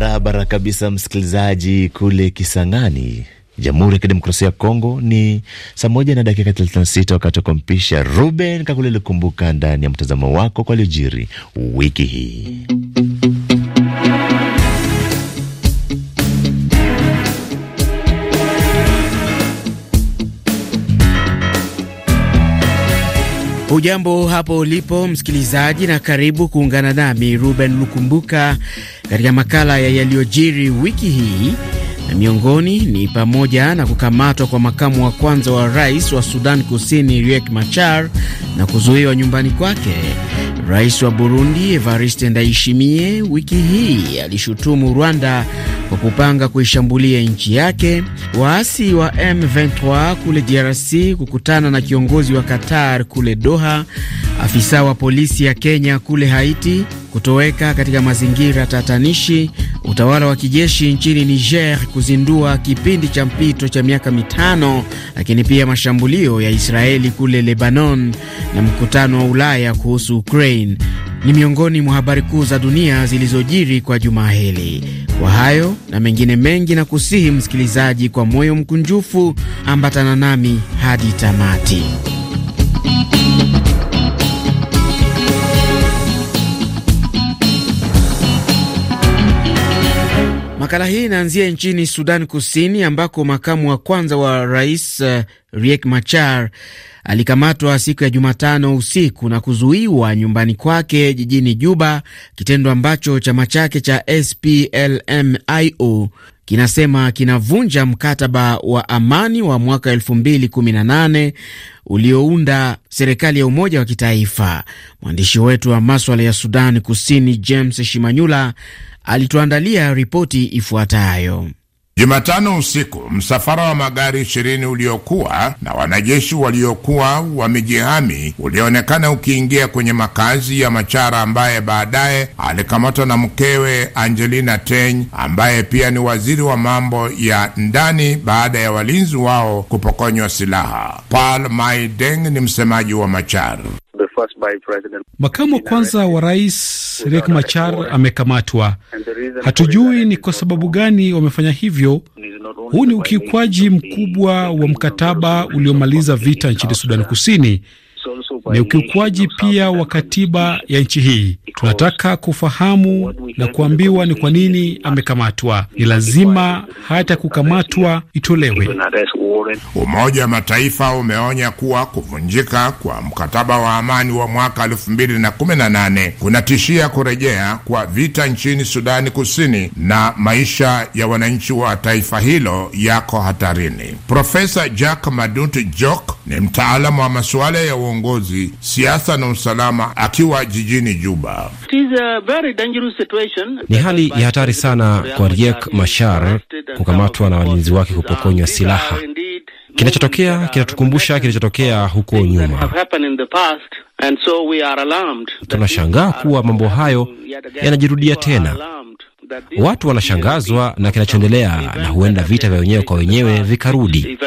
barabara kabisa, msikilizaji. Kule Kisangani, Jamhuri ya Kidemokrasia ya Kongo, ni saa moja na dakika 36 wakati wa kumpisha Ruben Kakule Likumbuka ndani ya mtazamo wako kwa liojiri wiki hii. ujambo hapo ulipo msikilizaji, na karibu kuungana nami Ruben Lukumbuka katika makala ya yaliyojiri wiki hii na miongoni ni pamoja na kukamatwa kwa makamu wa kwanza wa rais wa Sudan Kusini Riek Machar na kuzuiwa nyumbani kwake. Rais wa Burundi Evariste Ndayishimiye wiki hii alishutumu Rwanda kwa kupanga kuishambulia nchi yake, waasi wa M23 kule DRC kukutana na kiongozi wa Qatar kule Doha, afisa wa polisi ya Kenya kule Haiti kutoweka katika mazingira tatanishi, utawala wa kijeshi nchini Niger kuzindua kipindi cha mpito cha miaka mitano, lakini pia mashambulio ya Israeli kule Lebanon na mkutano wa Ulaya kuhusu Ukraine ni miongoni mwa habari kuu za dunia zilizojiri kwa jumaa hili. Kwa hayo na mengine mengi, na kusihi msikilizaji, kwa moyo mkunjufu ambatana nami hadi tamati. Makala hii inaanzia nchini Sudan Kusini ambako makamu wa kwanza wa rais uh, Riek Machar alikamatwa siku ya Jumatano usiku na kuzuiwa nyumbani kwake jijini Juba, kitendo ambacho chama chake cha SPLMIO kinasema kinavunja mkataba wa amani wa mwaka 2018 uliounda serikali ya umoja wa kitaifa. Mwandishi wetu wa maswala ya Sudan Kusini James Shimanyula alituandalia ripoti ifuatayo. Jumatano usiku msafara wa magari ishirini uliokuwa na wanajeshi waliokuwa wamejihami ulionekana ukiingia kwenye makazi ya Machara ambaye baadaye alikamatwa na mkewe Angelina Teny ambaye pia ni waziri wa mambo ya ndani baada ya walinzi wao kupokonywa silaha. Paul Maideng ni msemaji wa Machar. Makamu wa kwanza wa rais Riek Machar amekamatwa. Hatujui ni kwa sababu gani wamefanya hivyo. Huu ni ukiukwaji mkubwa wa mkataba uliomaliza vita nchini sudani Kusini ni ukiukwaji pia wa katiba ya nchi hii. Tunataka kufahamu na kuambiwa ni kwa nini amekamatwa. Ni lazima hata kukamatwa itolewe. Umoja wa Mataifa umeonya kuwa kuvunjika kwa mkataba wa amani wa mwaka 2018 kunatishia kurejea kwa vita nchini Sudani Kusini na maisha ya wananchi wa taifa hilo yako hatarini. Profesa Jack Madut Jok ni mtaalamu wa masuala ya uongozi Mwangi, siasa na usalama, akiwa jijini Juba. Ni hali ya hatari sana kwa Riek mashar kukamatwa na walinzi wake kupokonywa silaha. Kinachotokea kinatukumbusha kinachotokea huko nyuma. So tunashangaa kuwa mambo hayo yanajirudia tena. Watu wanashangazwa na kinachoendelea, na huenda vita vya wenyewe kwa wenyewe vikarudi.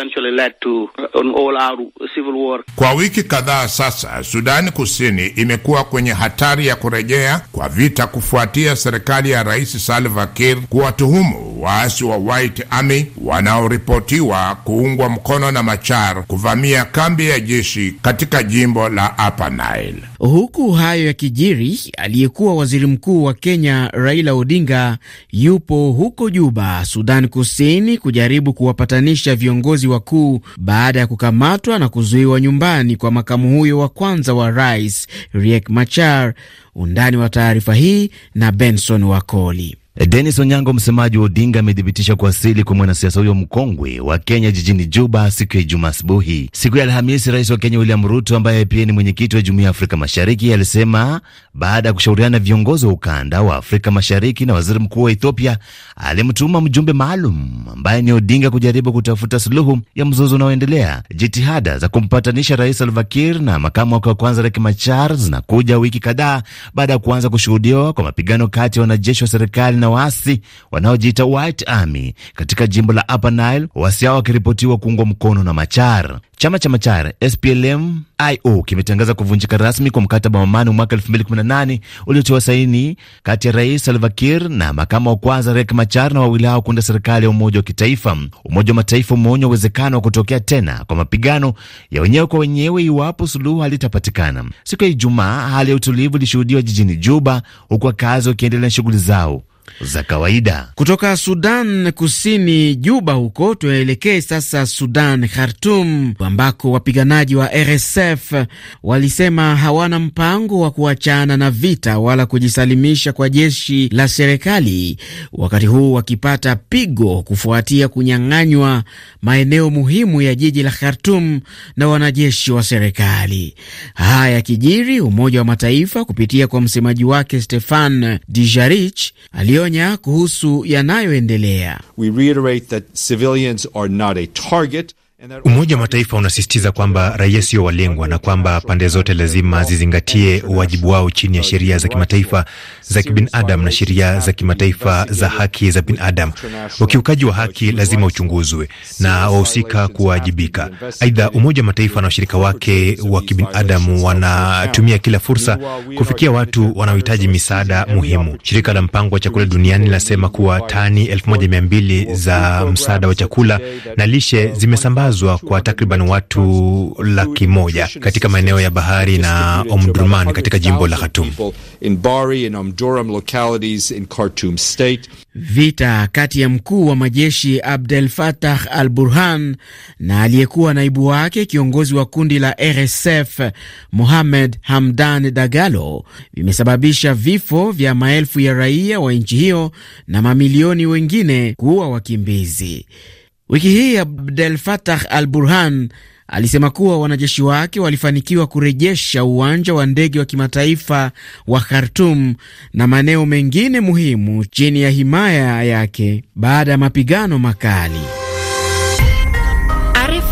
Uh, kwa wiki kadhaa sasa, Sudani Kusini imekuwa kwenye hatari ya kurejea kwa vita kufuatia serikali ya Rais Salva Kiir kuwatuhumu waasi wa White Army wanaoripotiwa kuungwa mkono na Machar kuvamia kambi ya jeshi katika jimbo la Upper Nile. Huku hayo ya kijiri, aliyekuwa waziri mkuu wa Kenya Raila Odinga yupo huko Juba, Sudan Kusini, kujaribu kuwapatanisha viongozi wakuu baada ya kukamatwa na kuzuiwa nyumbani kwa makamu huyo wa kwanza wa rais Riek Machar. Undani wa taarifa hii na Benson Wakoli. Eh, Denis Onyango, msemaji wa Odinga, amethibitisha kuwasili kwa mwanasiasa huyo mkongwe wa Kenya jijini Juba siku ya Ijumaa asubuhi. Siku ya Alhamisi, rais wa Kenya William Ruto, ambaye pia ni mwenyekiti wa Jumuiya ya Afrika Mashariki, alisema baada ya kushauriana na viongozi wa ukanda wa Afrika Mashariki na waziri mkuu wa Ethiopia, alimtuma mjumbe maalum ambaye ni Odinga kujaribu kutafuta suluhu ya mzozo unaoendelea. Jitihada za kumpatanisha rais Salva Kiir na makamu wake wa kwanza Riek Machar zinakuja wiki kadhaa baada ya kuanza kushuhudiwa kwa mapigano kati ya wanajeshi wa serikali na waasi wanaojiita White Army katika jimbo la Upper Nile, waasi hao wakiripotiwa kuungwa mkono na Machar. Chama cha Machar SPLM IO kimetangaza kuvunjika rasmi kwa mkataba wa amani mwaka 2018 uliotiwa saini kati ya Rais Salva Kiir na makamu wa kwanza Riek Machar na wawili hao kuunda serikali ya umoja wa kitaifa. Umoja wa Mataifa umeonya uwezekano wa kutokea tena kwa mapigano ya wenyewe kwa wenyewe iwapo suluhu halitapatikana. Siku ya Ijumaa, hali ya utulivu ilishuhudiwa jijini Juba, huku wakazi wakiendelea na shughuli zao za kawaida. Kutoka Sudan Kusini, Juba huko, tuelekee sasa Sudan, Khartum, ambako wapiganaji wa RSF walisema hawana mpango wa kuachana na vita wala kujisalimisha kwa jeshi la serikali, wakati huu wakipata pigo kufuatia kunyang'anywa maeneo muhimu ya jiji la Khartum na wanajeshi wa serikali. Haya yakijiri, Umoja wa Mataifa kupitia kwa msemaji wake Stefan Dijarich alio alionya kuhusu yanayoendelea. Umoja wa Mataifa unasisitiza kwamba raia sio walengwa na kwamba pande zote lazima zizingatie uwajibu wao chini ya sheria za kimataifa za kibinadamu na sheria za kimataifa za haki za binadamu. Ukiukaji wa haki lazima uchunguzwe na wahusika kuwajibika. Aidha, Umoja wa Mataifa na washirika wake wa kibinadamu wanatumia kila fursa kufikia watu wanaohitaji misaada muhimu. Shirika la Mpango wa Chakula Duniani linasema kuwa tani 1200 za msaada wa chakula na lishe zimesambazwa kulazwa kwa takriban watu laki moja katika maeneo ya bahari na Omdurman katika jimbo la Khartoum. Vita kati ya mkuu wa majeshi Abdel Fattah al Burhan na aliyekuwa naibu wake kiongozi wa kundi la RSF Mohamed Hamdan Dagalo vimesababisha vifo vya maelfu ya raia wa nchi hiyo na mamilioni wengine kuwa wakimbizi. Wiki hii Abdel Fattah al Burhan alisema kuwa wanajeshi wake walifanikiwa kurejesha uwanja wa ndege wa kimataifa wa Khartum na maeneo mengine muhimu chini ya himaya yake baada ya mapigano makali.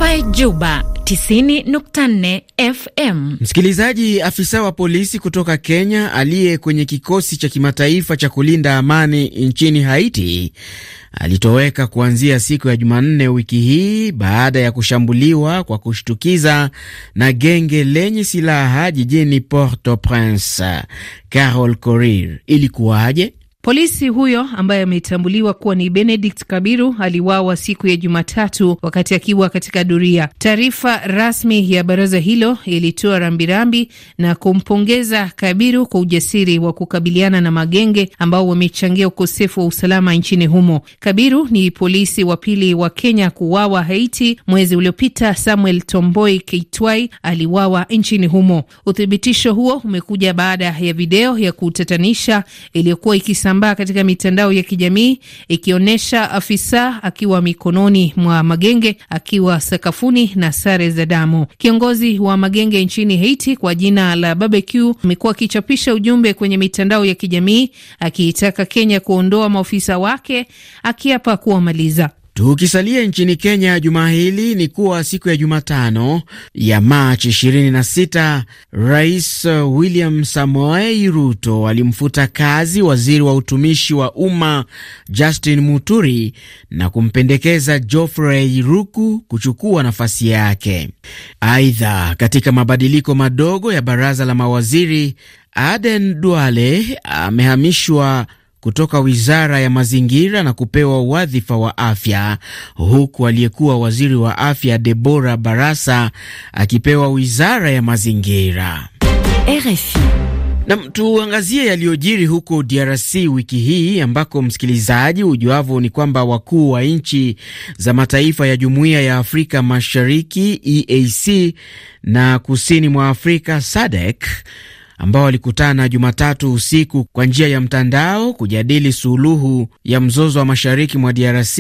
RFI Juba 90.4 FM. Msikilizaji, afisa wa polisi kutoka Kenya aliye kwenye kikosi cha kimataifa cha kulinda amani nchini Haiti alitoweka kuanzia siku ya Jumanne wiki hii baada ya kushambuliwa kwa kushtukiza na genge lenye silaha jijini Port-au-Prince. Carol Korir, ilikuwaje? Polisi huyo ambaye ametambuliwa kuwa ni Benedict Kabiru aliwawa siku ya Jumatatu wakati akiwa katika doria. Taarifa rasmi ya baraza hilo ilitoa rambirambi na kumpongeza Kabiru kwa ujasiri wa kukabiliana na magenge ambao wamechangia ukosefu wa usalama nchini humo. Kabiru ni polisi wa pili wa Kenya kuwawa Haiti mwezi uliopita. Samuel Tomboi Keitwai aliwawa nchini humo. Uthibitisho huo umekuja baada ya video ya kutatanisha iliyokuwa ikisambaa kusambaa katika mitandao ya kijamii ikionyesha afisa akiwa mikononi mwa magenge akiwa sakafuni na sare za damu. Kiongozi wa magenge nchini Haiti kwa jina la Barbecue amekuwa akichapisha ujumbe kwenye mitandao ya kijamii akiitaka Kenya kuondoa maofisa wake akiapa kuwamaliza. Tukisalia nchini Kenya, juma hili ni kuwa siku ya Jumatano ya Machi 26 Rais William Samoei Ruto alimfuta kazi waziri wa utumishi wa umma Justin Muturi na kumpendekeza Geoffrey Ruku kuchukua nafasi yake. Aidha, katika mabadiliko madogo ya baraza la mawaziri Aden Duale amehamishwa kutoka wizara ya mazingira na kupewa wadhifa wa afya, huku aliyekuwa waziri wa afya Debora Barasa akipewa wizara ya mazingira. RFI. Na tuangazie yaliyojiri huko DRC wiki hii ambako msikilizaji ujuavyo ni kwamba wakuu wa nchi za mataifa ya Jumuiya ya Afrika Mashariki EAC na Kusini mwa Afrika SADC e ambao walikutana Jumatatu usiku kwa njia ya mtandao kujadili suluhu ya mzozo wa mashariki mwa DRC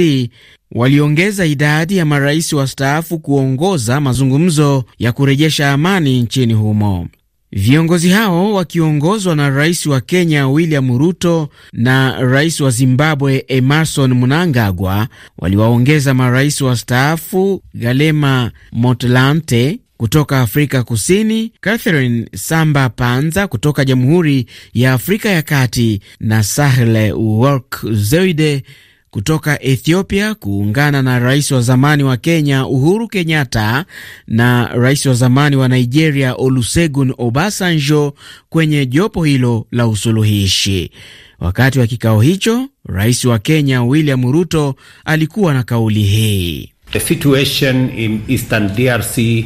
waliongeza idadi ya marais wastaafu kuongoza mazungumzo ya kurejesha amani nchini humo. Viongozi hao wakiongozwa na rais wa Kenya William Ruto na rais wa Zimbabwe Emerson Mnangagwa waliwaongeza marais wastaafu Galema Motlante kutoka Afrika Kusini, Catherine Samba Panza kutoka Jamhuri ya Afrika ya Kati na Sahle Work Zoide kutoka Ethiopia kuungana na rais wa zamani wa Kenya Uhuru Kenyatta na rais wa zamani wa Nigeria Olusegun Obasanjo kwenye jopo hilo la usuluhishi. Wakati wa kikao hicho, rais wa Kenya William Ruto alikuwa na kauli hii: The situation in Eastern DRC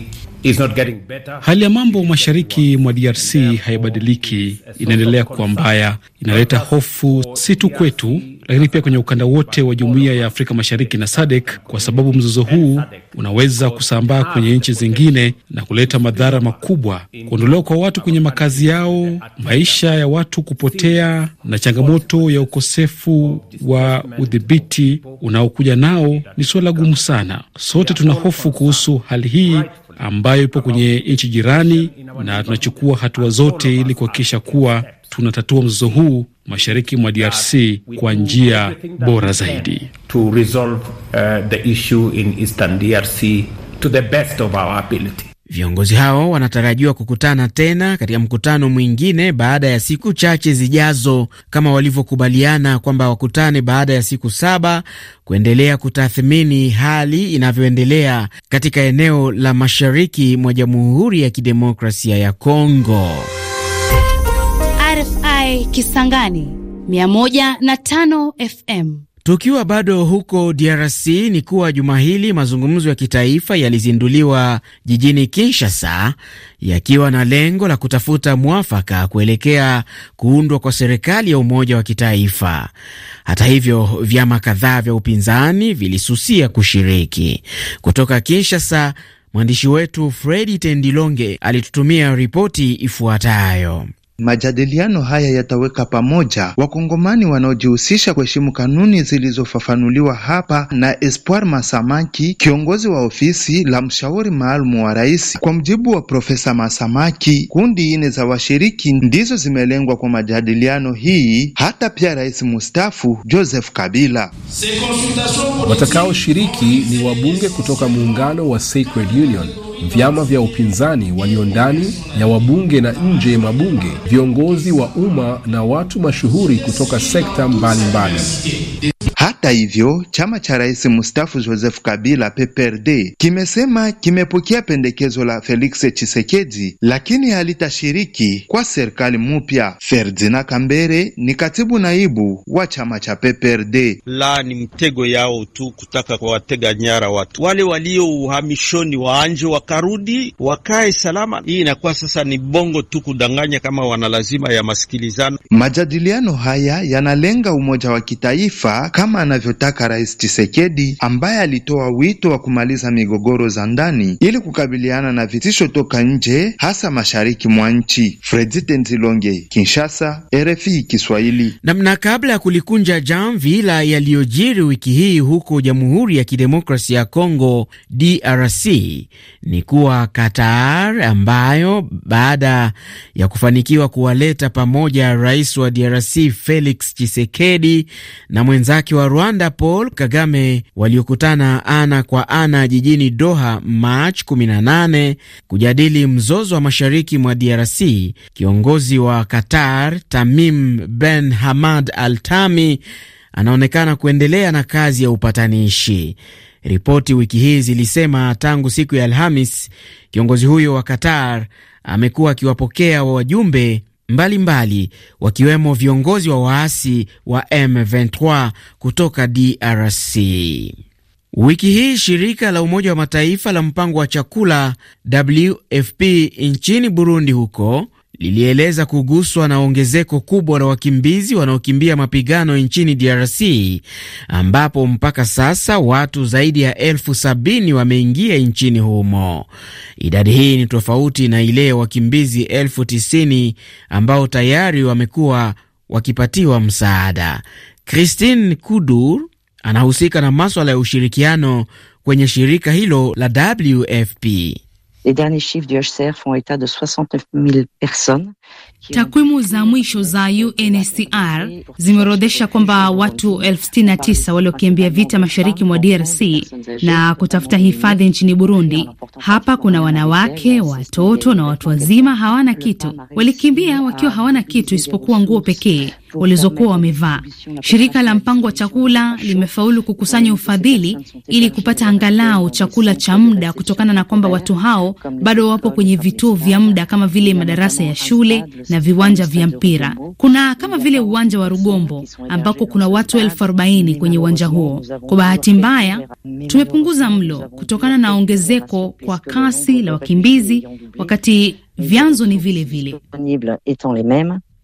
Hali ya mambo mashariki mwa DRC haibadiliki, inaendelea kuwa mbaya, inaleta hofu si tu kwetu, lakini pia kwenye ukanda wote wa Jumuiya ya Afrika Mashariki na SADC, kwa sababu mzozo huu unaweza kusambaa kwenye nchi zingine na kuleta madhara makubwa, kuondolewa kwa watu kwenye makazi yao, maisha ya watu kupotea, na changamoto ya ukosefu wa udhibiti unaokuja nao ni suala gumu sana. Sote tuna hofu kuhusu hali hii ambayo ipo kwenye nchi jirani, na tunachukua hatua zote ili kuhakikisha kuwa tunatatua mzozo huu mashariki mwa DRC kwa njia bora zaidi. To resolve, uh, the issue in Eastern DRC to the best of our ability. Viongozi hao wanatarajiwa kukutana tena katika mkutano mwingine baada ya siku chache zijazo, kama walivyokubaliana kwamba wakutane baada ya siku saba kuendelea kutathmini hali inavyoendelea katika eneo la mashariki mwa Jamhuri ya Kidemokrasia ya Kongo. RFI Kisangani 105 FM. Tukiwa bado huko DRC ni kuwa juma hili mazungumzo ya kitaifa yalizinduliwa jijini Kinshasa yakiwa na lengo la kutafuta mwafaka kuelekea kuundwa kwa serikali ya umoja wa kitaifa. Hata hivyo, vyama kadhaa vya upinzani vilisusia kushiriki. Kutoka Kinshasa, mwandishi wetu Fredi Tendilonge alitutumia ripoti ifuatayo. Majadiliano haya yataweka pamoja wakongomani wanaojihusisha kuheshimu kanuni zilizofafanuliwa hapa na Espoir Masamaki, kiongozi wa ofisi la mshauri maalum wa rais. Kwa mjibu wa Profesa Masamaki, kundi nne za washiriki ndizo zimelengwa kwa majadiliano hii, hata pia rais mustafu Joseph Kabila. Watakaoshiriki ni wabunge kutoka muungano wa Sacred Union vyama vya upinzani walio ndani ya wabunge na nje ya mabunge, viongozi wa umma na watu mashuhuri kutoka sekta mbalimbali mbali. Hata hivyo, chama cha rais mstaafu Joseph Kabila PPRD kimesema kimepokea pendekezo la Felix Chisekedi, lakini halitashiriki kwa serikali mpya. Ferdinand Kambere ni katibu naibu wa chama cha PPRD. La, ni mtego yao tu kutaka kuwatega nyara watu wale walio uhamishoni, waanje wakarudi wakae salama. Hii inakuwa sasa ni bongo tu kudanganya kama wana lazima ya masikilizano. Majadiliano haya yanalenga umoja wa kitaifa kama anavyotaka Rais chisekedi ambaye alitoa wito wa kumaliza migogoro za ndani ili kukabiliana na vitisho toka nje, hasa mashariki mwa nchi. Fredy Nzilonge, Kinshasa, RFI Kiswahili. Namna kabla ya kulikunja jamvi la yaliyojiri wiki hii huko Jamhuri ya Kidemokrasia ya Kongo DRC ni kuwa Qatar ambayo baada ya kufanikiwa kuwaleta pamoja rais wa DRC Felix Tshisekedi na mwenzake wa Rwanda Rwanda Paul Kagame waliokutana ana kwa ana jijini Doha Machi 18 kujadili mzozo wa mashariki mwa DRC. Kiongozi wa Qatar Tamim Ben Hamad Al Thani anaonekana kuendelea na kazi ya upatanishi. Ripoti wiki hii zilisema tangu siku ya Alhamis kiongozi huyo wa Qatar amekuwa akiwapokea wajumbe mbalimbali wakiwemo viongozi wa waasi wa M23 kutoka DRC. Wiki hii shirika la Umoja wa Mataifa la mpango wa chakula WFP nchini Burundi huko lilieleza kuguswa na ongezeko kubwa la wakimbizi wanaokimbia mapigano nchini DRC ambapo mpaka sasa watu zaidi ya elfu sabini wameingia nchini humo. Idadi hii ni tofauti na ile wakimbizi elfu tisini ambao tayari wamekuwa wakipatiwa msaada. Christine Kudur anahusika na maswala ya ushirikiano kwenye shirika hilo la WFP. Les derniers chiffres du HCR font état de 69 000 personnes. Takwimu za mwisho za UNHCR zimeorodhesha kwamba watu 69 waliokimbia vita mashariki mwa DRC na kutafuta hifadhi nchini Burundi. Hapa kuna wanawake, watoto na watu wazima hawana kitu. Walikimbia wakiwa hawana kitu isipokuwa nguo pekee walizokuwa wamevaa. Shirika la mpango wa chakula limefaulu kukusanya ufadhili ili kupata angalau chakula cha muda, kutokana na kwamba watu hao bado wapo kwenye vituo vya muda kama vile madarasa ya shule na viwanja vya mpira. Kuna kama vile uwanja wa Rugombo ambako kuna watu elfu arobaini kwenye uwanja huo. Kwa bahati mbaya, tumepunguza mlo kutokana na ongezeko kwa kasi la wakimbizi, wakati vyanzo ni vile vile.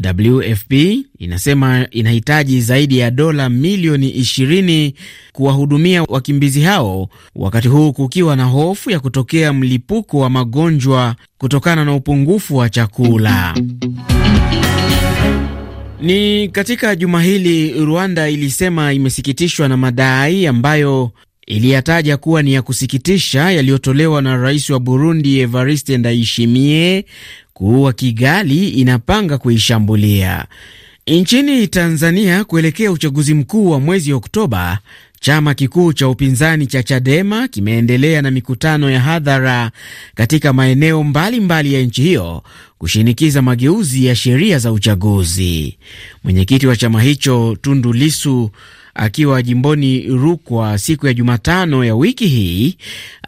WFP inasema inahitaji zaidi ya dola milioni 20 kuwahudumia wakimbizi hao, wakati huu kukiwa na hofu ya kutokea mlipuko wa magonjwa kutokana na upungufu wa chakula. Ni katika juma hili Rwanda ilisema imesikitishwa na madai ambayo iliyataja kuwa ni ya kusikitisha yaliyotolewa na rais wa Burundi Evariste Ndayishimiye kuwa Kigali inapanga kuishambulia. Nchini Tanzania, kuelekea uchaguzi mkuu wa mwezi Oktoba, chama kikuu cha upinzani cha Chadema kimeendelea na mikutano ya hadhara katika maeneo mbalimbali mbali ya nchi hiyo kushinikiza mageuzi ya sheria za uchaguzi. Mwenyekiti wa chama hicho Tundu Lisu akiwa jimboni Rukwa siku ya Jumatano ya wiki hii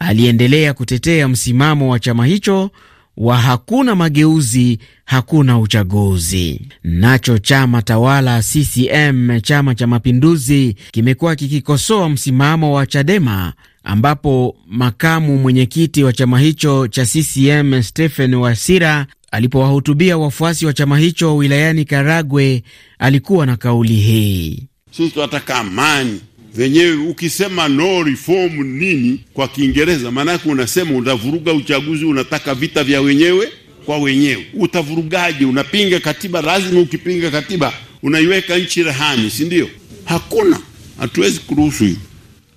aliendelea kutetea msimamo wa chama hicho wa hakuna mageuzi hakuna uchaguzi. Nacho chama tawala CCM, Chama cha Mapinduzi, kimekuwa kikikosoa msimamo wa Chadema, ambapo makamu mwenyekiti wa chama hicho cha CCM Stephen Wasira alipowahutubia wafuasi wa chama hicho wilayani Karagwe alikuwa na kauli hii: sisi tunataka amani venyewe ukisema no reform nini kwa Kiingereza, maana yake unasema utavuruga uchaguzi, unataka vita vya wenyewe kwa wenyewe. Utavurugaje? Unapinga katiba. Lazima ukipinga katiba unaiweka nchi rehani, si ndio? Hakuna, hatuwezi kuruhusu hiyo.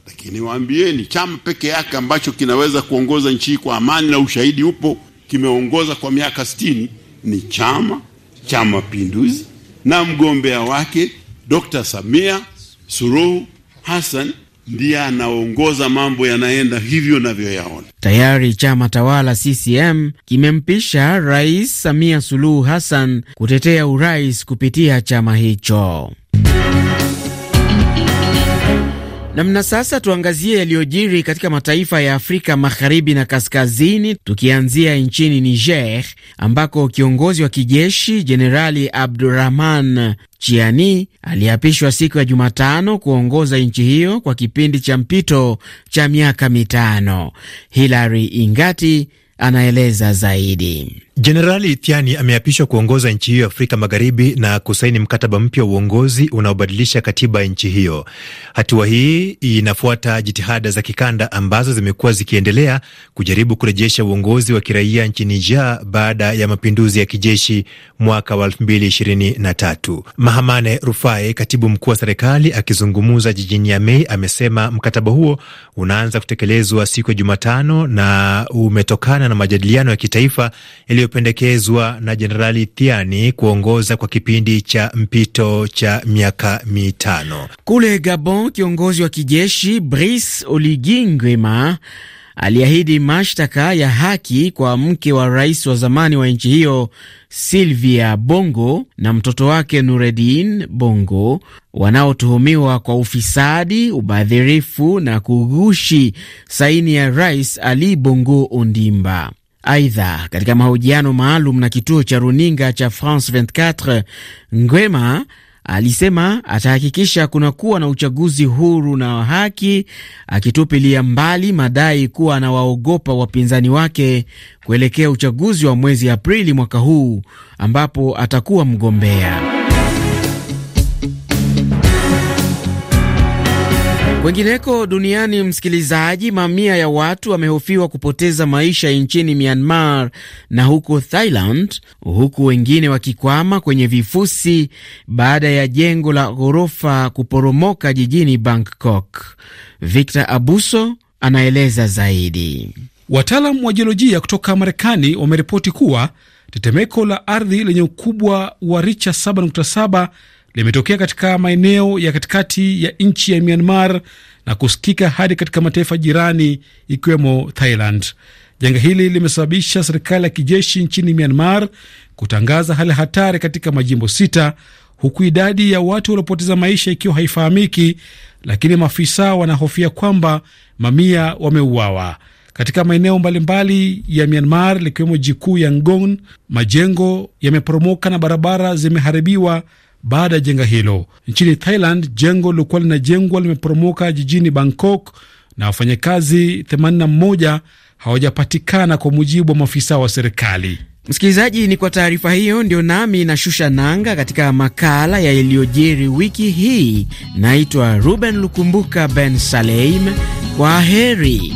Lakini waambieni, chama peke yake ambacho kinaweza kuongoza nchi hii kwa amani na ushahidi upo, kimeongoza kwa miaka sitini, ni Chama cha Mapinduzi na mgombea wake Dr. Samia Suluhu Hassan ndiye anaongoza mambo yanaenda hivyo navyoyaona. Tayari chama tawala CCM kimempisha Rais Samia Suluhu Hassan kutetea urais kupitia chama hicho. Namna sasa, tuangazie yaliyojiri katika mataifa ya Afrika magharibi na kaskazini, tukianzia nchini Niger ambako kiongozi wa kijeshi Jenerali Abdurahman Chiani aliapishwa siku ya Jumatano kuongoza nchi hiyo kwa kipindi cha mpito cha miaka mitano. Hilary Ingati anaeleza zaidi. Jenerali Tiani ameapishwa kuongoza nchi hiyo Afrika Magharibi na kusaini mkataba mpya wa uongozi unaobadilisha katiba ya nchi hiyo. Hatua hii inafuata jitihada za kikanda ambazo zimekuwa zikiendelea kujaribu kurejesha uongozi wa kiraia nchini Niger baada ya mapinduzi ya kijeshi mwaka wa 2023. Mahamane Rufai, katibu mkuu wa serikali, akizungumza jijini Niamey, amesema mkataba huo unaanza kutekelezwa siku ya Jumatano na umetokana na majadiliano ya kitaifa yaliyo iliyopendekezwa na Jenerali Thiani kuongoza kwa kipindi cha mpito cha miaka mitano. Kule Gabon, kiongozi wa kijeshi Brice Oligui Nguema aliahidi mashtaka ya haki kwa mke wa rais wa zamani wa nchi hiyo Silvia Bongo na mtoto wake Nureddin Bongo wanaotuhumiwa kwa ufisadi, ubadhirifu na kugushi saini ya Rais Ali Bongo Ondimba. Aidha, katika mahojiano maalum na kituo cha runinga cha France 24 Ngwema alisema atahakikisha kuna kuwa na uchaguzi huru na wa haki, akitupilia mbali madai kuwa anawaogopa wapinzani wake kuelekea uchaguzi wa mwezi Aprili mwaka huu ambapo atakuwa mgombea. Wengineko duniani, msikilizaji, mamia ya watu wamehofiwa kupoteza maisha nchini Myanmar na huko Thailand, huku wengine wakikwama kwenye vifusi baada ya jengo la ghorofa kuporomoka jijini Bangkok. Victor Abuso anaeleza zaidi. Wataalam wa jiolojia kutoka Marekani wameripoti kuwa tetemeko la ardhi lenye ukubwa wa richa 7.7 limetokea katika maeneo ya katikati ya nchi ya Myanmar na kusikika hadi katika mataifa jirani ikiwemo Thailand. Janga hili limesababisha serikali ya kijeshi nchini Myanmar kutangaza hali hatari katika majimbo sita, huku idadi ya watu waliopoteza maisha ikiwa haifahamiki, lakini maafisa wanahofia kwamba mamia wameuawa katika maeneo mbalimbali ya Myanmar likiwemo jikuu ya Yangon. Majengo yameporomoka na barabara zimeharibiwa baada ya jenga hilo. Nchini Thailand, jengo lilokuwa linajengwa limeporomoka jijini Bangkok na wafanyakazi 81 hawajapatikana kwa mujibu wa maafisa wa serikali. Msikilizaji, ni kwa taarifa hiyo ndio nami nashusha nanga katika makala ya yaliyojiri wiki hii. Naitwa Ruben Lukumbuka Ben Saleim. Kwa heri.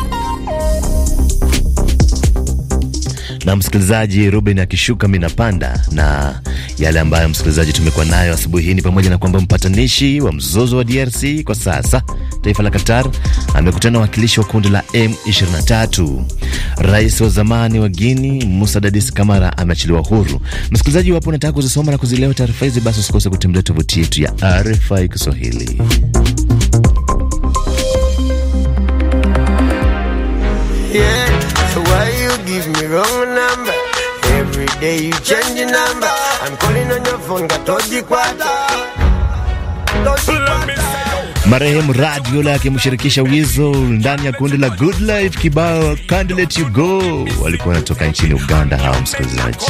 na msikilizaji Ruben akishuka mimi napanda. Na yale ambayo msikilizaji tumekuwa nayo asubuhi hii ni pamoja na kwamba mpatanishi wa mzozo wa DRC kwa sasa taifa la Qatar amekutana wakilishi wa kundi la M23. Rais wa zamani wa Guini Musa Dadis Kamara ameachiliwa huru. Msikilizaji, iwapo unataka kuzisoma na kuzielewa taarifa hizi, basi usikose kutembelea tovuti yetu ya RFI Kiswahili. day you change the number. I'm calling on your phone, got Marehemu Rad Yola akimshirikisha Weasel ndani ya kundi la Good Life, kibao Can't Let You Go, walikuwa wanatoka nchini Uganda hawa msikilizaji.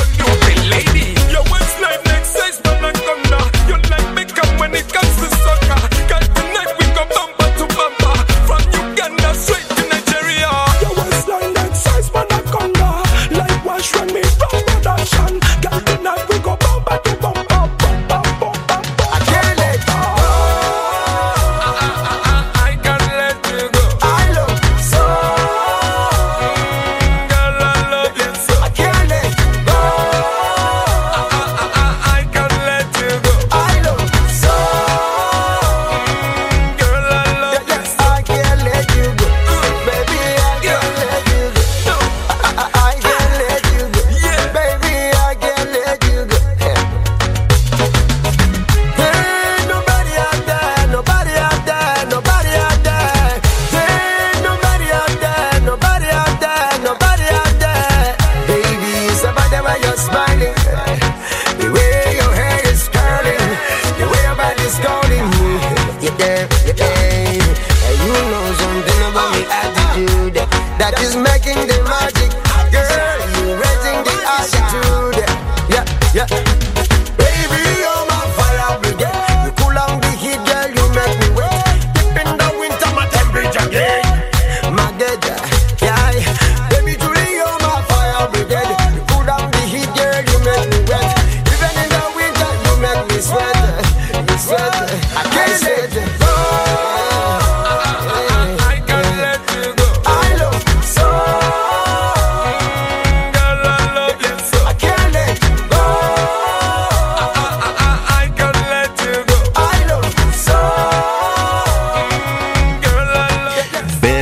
this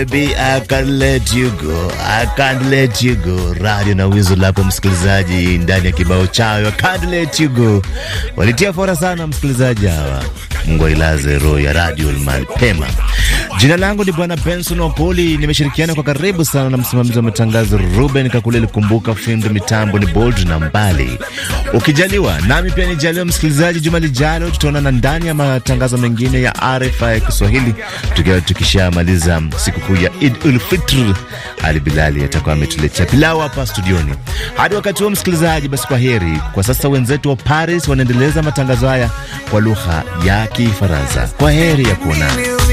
baby, I can't let you go, I can't let you go. Radio na wizo lako msikilizaji, ndani ya kibao chao I can't let you go. Walitia fora sana msikilizaji hawa. Mungu ailaze roho ya Radio mapema. Jina langu ni Bwana Benson Opoli, nimeshirikiana kwa karibu sana na msimamizi wa matangazo Ruben Kakule likumbuka, fundi mitambo ni Bold na Mbali. Ukijaliwa nami pia nijaliwa, msikilizaji, juma lijalo tutaonana ndani ya matangazo mengine ya RFI Kiswahili tukiwa tukishamaliza siku sikukuu ya Eid ul Fitr. Ali Bilali atakuwa ametuletea pilau hapa studioni. Hadi wakati huo, msikilizaji, basi kwa heri kwa sasa. Wenzetu wa Paris wanaendeleza matangazo haya kwa lugha ya Kifaransa. Kwa heri ya kuonana.